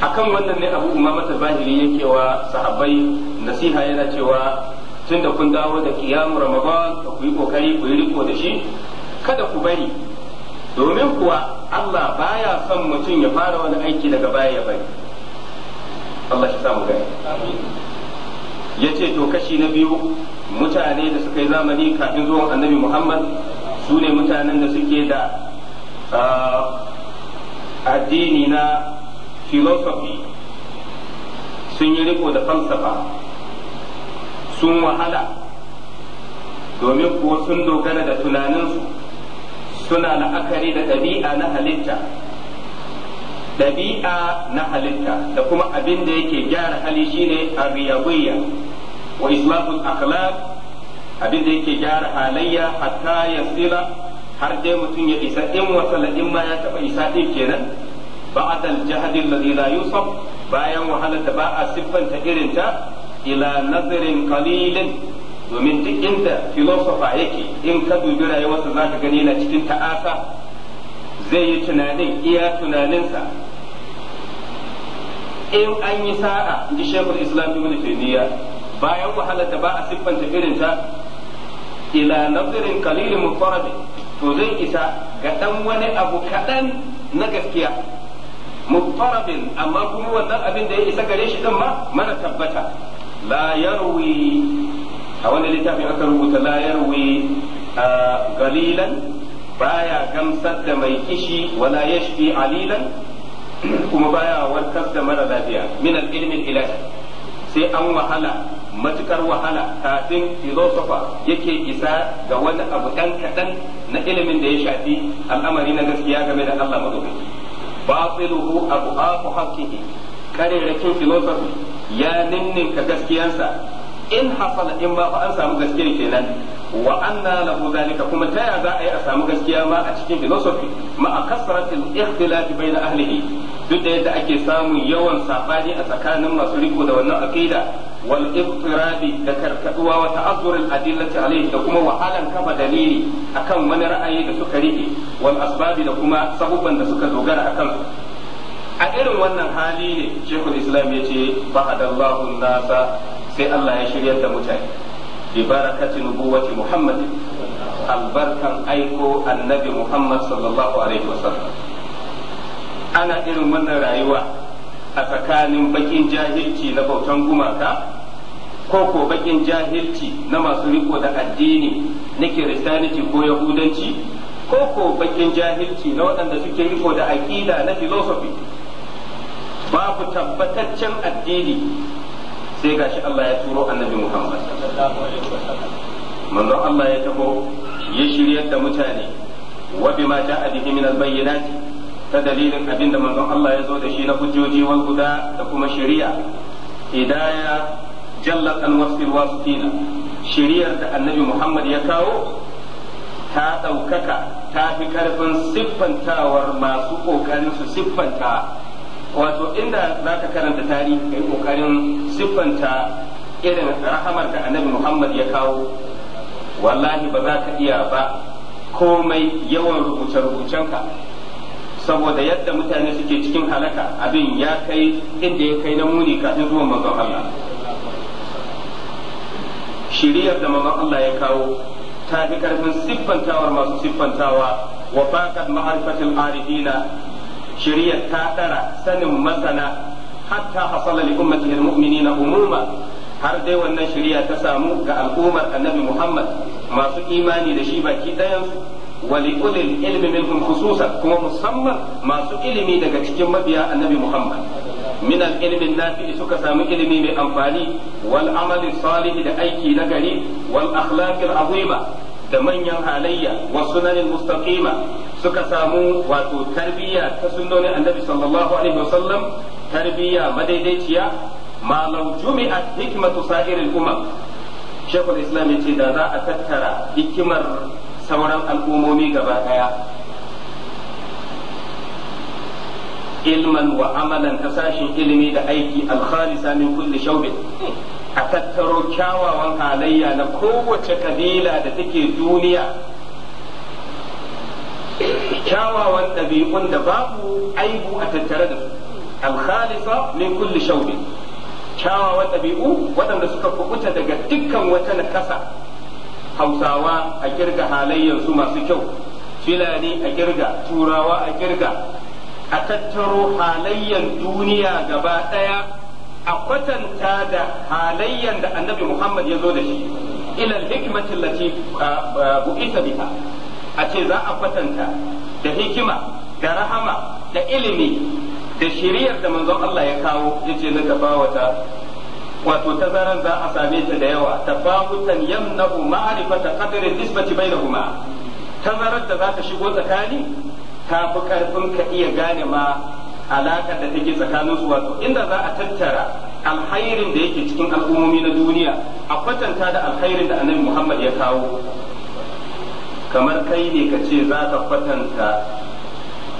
A kan wannan ne abu umar ta zahiri yake wa sahabbai nasiha yana cewa tun da kun dawo da kiyamu ramadan ku yi kokari ku yi riko da shi kada ku bari domin kuwa Allah baya son mutum ya fara wani aiki daga baya ya bari Allah shi samu gani ya ce to kashi na biyu mutane da suka yi zamani kafin zuwan annabi Muhammad su ne mutanen da suke da addini na filosofi sun yi riko da falsafa sun wahala domin kuwa sun dogara da tunaninsu suna la'akari da ɗabi'a na halitta ɗabi'a na halitta da kuma abin da yake gyara hali shine arriyawiyya wa islamun akhlaq abin da yake gyara halayya hatta ya tsira har dai mutum ya isa in wasa in ma ya taɓa isa ɗin kenan ba'adal jahadin ladhi lalila yusuf bayan wahalar da ba a siffanta irinta ila nazarin qalilin domin duk inda filosofa yake in ka dubi rayuwarsa za ka gani yana cikin ta'asa zai yi tunanin iya tunaninsa in an yi sa'a ji shekul islam ibn taymiya bayan wahalar da ba a siffanta irin ta ila nazarin qalil mutarabi to zai isa ga dan wani abu kaɗan na gaskiya mutarabin amma kuma wannan abin da ya isa gare shi din ma mana tabbata la yarwi a wani littafin aka rubuta la yarwi galilan baya gamsar da mai kishi wala yashfi alilan kuma baya warkar da mara lafiya min al ila ilaj sai an wahala matukar wahala kafin filosofa yake isa ga wani abu dan kadan na ilimin da ya shafi al'amari na gaskiya game da Allah madaukaki batiluhu abu aqu haqqihi karerakin filosofi ya ninninka gaskiyansa in hasala in ma ba an samu gaskiyar kenan wa anna lahu zalika kuma ta za a yi a samu gaskiya ma a cikin filosofi ma a kasratil ikhtilafi bayna ahlihi duk da yadda ake samun yawan sabani a tsakanin masu riko da wannan aqida wal iftirabi da karkaduwa wa ta'azzur al adillati alayhi da kuma wahalan kafa dalili akan wani ra'ayi da suka rike wal asbabi da kuma sabuban da suka dogara akan a irin wannan hali ne shekul islam ya ce bahadallahu nasa sai Allah ya shirya da mutane bi barakatin buwati muhammad albarkan aiko annabi muhammad sallallahu alaihi wasallam ana irin wannan rayuwa a tsakanin bakin jahilci na bautan gumaka ko ko bakin jahilci na masu riko da addini na kiristaniti ko yahudanci ko ko bakin jahilci na waɗanda suke riko da aƙida na philosophy babu tabbataccen addini sai gashi Allah ya turo annabi Muhammad manzon Allah ya taho ya shiryar da mutane wa bima ja'a bihi min al-bayyinat ta dalilin abinda manzon Allah ya zo da shi na hujjoji wal da kuma shari'a hidaya jallat an wasfil wasfina shiriyar da annabi Muhammad ya kawo ta ɗaukaka ta fi karfin siffantawar masu ƙoƙarin su siffanta wato inda za ka karanta tarihi kai kokarin siffanta irin rahamar da annabi Muhammad ya kawo wallahi ba za ka iya ba komai yawan rubuce-rubucenka saboda yadda mutane suke cikin halaka abin ya kai inda ya kai na muni kafin zuwan manzon Allah shiriyar da manzon Allah ya kawo ta fi karfin siffantawar masu siffantawa wa faqad ma'rifatil arifina shiriyar ta dara sanin masana hatta hasala li ummatihi almu'minina umuma har dai wannan shiriya ta samu ga al'ummar annabi Muhammad masu imani da shi baki ɗayan wali ulil ilmi minhum khususan kuma musamman masu ilimi daga cikin mabiya annabi Muhammad min al-ilmi nafi'i suka samu ilimi mai amfani wal amali salih da aiki na gari wal akhlaqil azima da manyan halayya wa sunanin mustaqima suka samu wato tarbiyya ta sunnonin annabi sallallahu alaihi wasallam tarbiyya madaidaiciya ma law jumi'at hikmatu sa'iril umam shekul islam yace da za a tattara hikimar sauran al'ummomi gaba daya ilman wa amalan ta sashin ilimi da aiki alkhalisa min kulli shawbin a tattaro kyawawan halayya na kowace kabila da take duniya kyawawan ɗabi'un da babu aibu a tattare da su alkhalisa min kulli shauɗi. kyawawan ɗabi'u waɗanda suka kubuta daga dukkan wata na ƙasa. hausawa a kirga halayyarsu masu kyau filani a kirga turawa a kirga a tattaro halayyar duniya gaba ɗaya a kwatanta da halayyan da annabi Muhammad ya zo da shi ila hikmati allati bu'ita biha a ce za a kwatanta da hikima da rahama da ilimi da shiriyar da manzon Allah ya kawo yace na gabawata wato tazarar za a same ta da yawa tafahutan yamna'u ma'arifata qadri nisbati bainahuma tazarar da za ta shigo tsakani ta fi karfin ka iya gane ma alakar da take tsakanin su wato inda za a tattara alhairin da yake cikin al'ummomi na duniya a kwatanta da alhairin da annabi Muhammad ya kawo kamar kai ne ka ce za ka kwatanta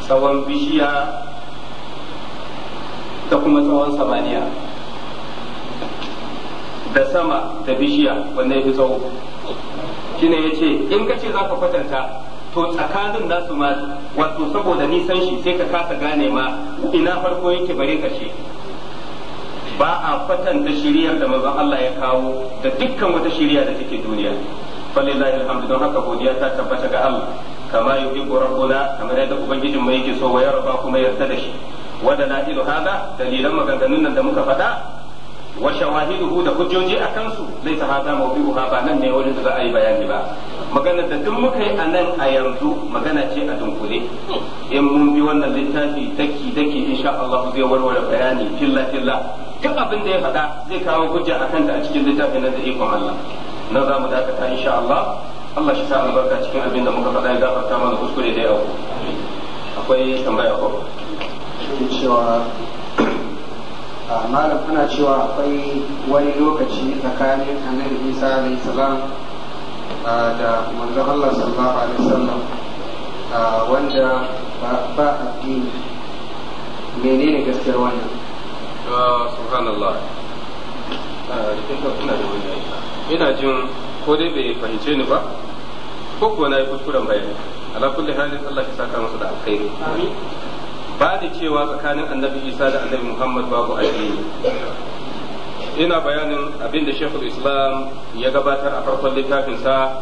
tsawon bishiya da kuma tsawon samaniya da sama da bishiya wanda ya fi tsawo shine ya ce in ka ce za ka kwatanta to tsakanin su ma wato saboda nisan shi sai ka kasa gane ma ina farko yake bare kashe ba a kwatanta shiriyar da manzon Allah ya kawo da dukkan wata shiriya da take duniya falillahi alhamdu don haka godiya ta tabbata ga Allah kama yuhibbu rabbuna kamar yadda ubangijin mai yake so wa ba kuma yarda da shi na ilu hada dalilan maganganun nan da muka faɗa wa shawahiduhu da hujjoji a kansu ta hada mawdu'uha ba nan ne wajen da za a yi bayani ba magana da duk muka yi a nan a yanzu magana ce a dunkule in mun bi wannan littafi daki daki insha Allah zai warware bayani filla filla duk abin da ya faɗa zai kawo hujja a kanta a cikin littafin da ikon Allah nan za mu dakata insha Allah Allah shi ta albarka cikin abin da muka faɗa ya gafarta mana kuskure da yawa akwai tambaya ko cewa malam ana cewa akwai wani lokaci tsakanin annabi isa alayhi salam da manzon allah sallallahu alaihi wasallam wanda ba addini menene gaskiyar wannan ah, subhanallah ah, ina ina jin ko dai bai fahimce ni ba ko kuwa na yi kuskuren bayani ala kulli halin allah ya saka masa da alkhairi ba da cewa tsakanin annabi isa da annabi muhammad babu addini ina bayanin abin da shekul islam ya gabatar a farkon littafinsa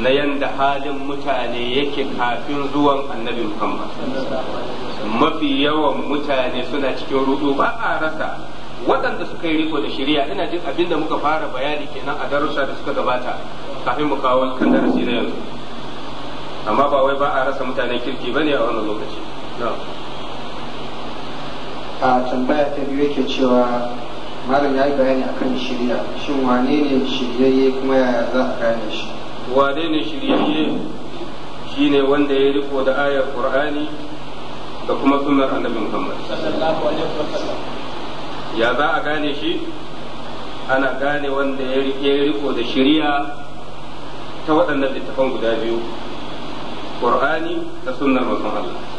na yanda halin mutane yake kafin zuwan annabi muhammad mafi yawan mutane suna cikin rudu ba a rasa waɗanda suka yi riko da shirya ina jin abin da muka fara bayani kenan a darussa da suka gabata kafin mu kawo kan darasi na yanzu amma ba wai ba a rasa mutanen kirki ba ne a wannan lokaci a tambaya ta biyu yake cewa malam ya yi bayani a kan shirya shin wane ne shiryayye kuma yaya za a gane shi wane ne shiryayye ne wanda ya riko da ayar qur'ani da kuma sunar annabi muhammad ya za a gane shi ana gane wanda ya riko da shirya ta waɗannan littafan guda biyu qur'ani da sunar manzon Allah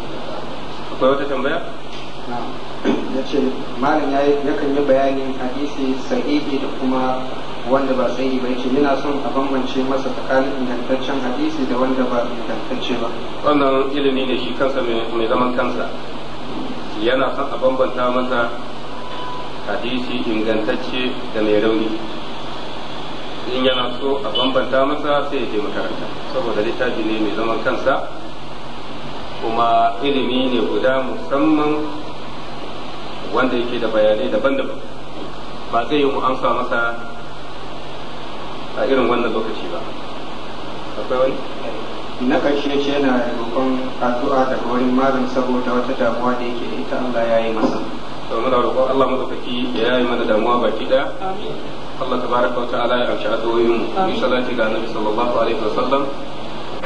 akwai wata tambaya ya ce malam ya yakan yi bayanin hadisi sahihi da kuma wanda ba sahihi ba yace yana son a bambance masa tsakanin ingantaccen hadisi da wanda ba ingantacce ba wannan ilimi ne shi kansa mai zaman kansa yana son a bambanta masa hadisi ingantacce da mai rauni in yana so a bambanta masa sai ya je makaranta saboda littafi ne mai zaman kansa kuma ilimi ne guda musamman wanda yake da bayanai daban-daban ba zai yi mu amsa masa a irin wannan lokaci ba akwai wani na ƙarshe ce yana roƙon addu'a daga wani malam saboda wata damuwa da yake da ita Allah ya yi masa to muna roƙon Allah madaukaki ya yi mana damuwa baki da Allah tabaraka wa ta'ala ya amshi addu'o'in mu bi salati ga Annabi sallallahu alaihi wasallam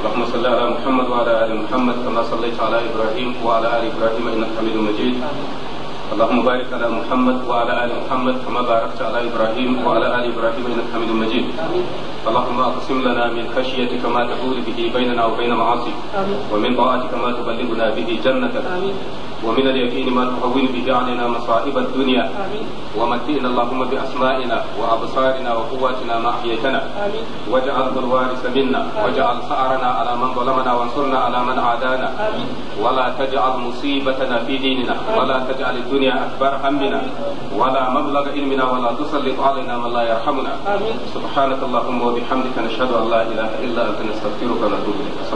اللهم صل على محمد وعلى ال محمد كما صليت على ابراهيم وعلى ال ابراهيم انك حميد مجيد اللهم بارك على محمد وعلى ال محمد كما باركت على ابراهيم وعلى ال ابراهيم انك حميد مجيد. اللهم اقسم لنا من خشيتك ما تحول به بيننا وبين معاصيك. ومن طاعتك ما تبلغنا به جنتك. ومن اليقين ما تهون به علينا مصائب الدنيا. ومتئنا اللهم باسمائنا وابصارنا وقواتنا ما احييتنا. واجعله الوارث منا واجعل ثارنا على من ظلمنا وانصرنا على من عادانا. ولا تجعل مصيبتنا في ديننا ولا تجعل الدنيا الدنيا أكبر همنا ولا مبلغ علمنا ولا تسلط علينا من لا يرحمنا سبحانك اللهم وبحمدك نشهد أن لا إله إلا أنت نستغفرك ونتوب إليك